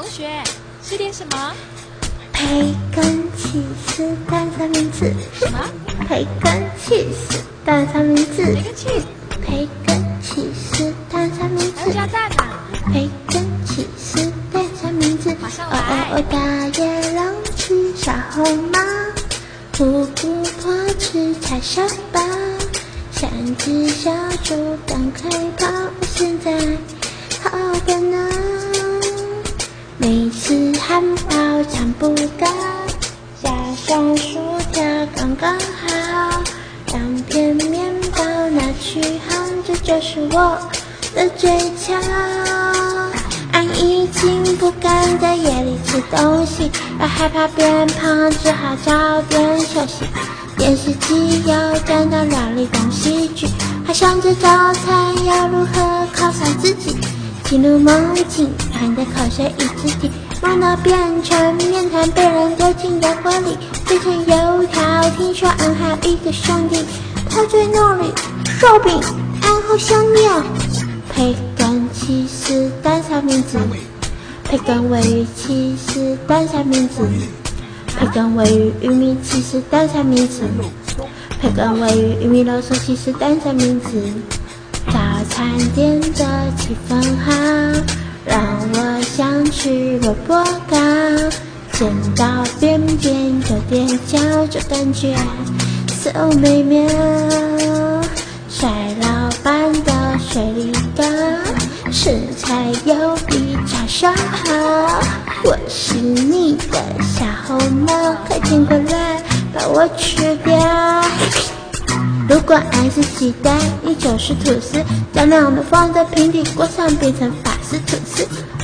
同學，吃點什麼？培根起司蛋三明治。什麼？培根起司蛋三明治。培根起司蛋三明治。我要炸培根起司蛋三明治。晚上晚安、哦哦。大野狼吃小紅帽，布穀婆婆吃叉燒包。三隻小豬趕快跑，到現在。甘不乾，加上薯條剛剛好，兩片麵包拿去烘，這就是我的追求。俺已經不敢在夜裡吃東西，怕害怕變胖，只好早點休息。電視機又轉到料理東西劇，還想着早餐要如何犒賞自己，進入夢境，俺的口水一直滴。慢慢變成麵糰，被人丟進油鍋裡，變成油條。聽說俺還有一個兄弟，他最努力。燒餅，俺好想你啊！培根、起司、蛋三明治，培根、鮪魚、起司、蛋三明治，培、啊、根、鮪魚、玉米、起司、蛋三明治，培根、鮪魚、玉米、肉鬆、起司、蛋三明治。早餐店的氣氛好。吃蘿蔔糕，煎到邊邊有點焦，這感覺 so 美妙。帥老板的水淋糕，食材又比較少好。我是你的小紅帽，快點過來把我吃掉。 如果愛吃雞蛋，你就是吐司，將它的放在平底鍋上，變成法式吐司。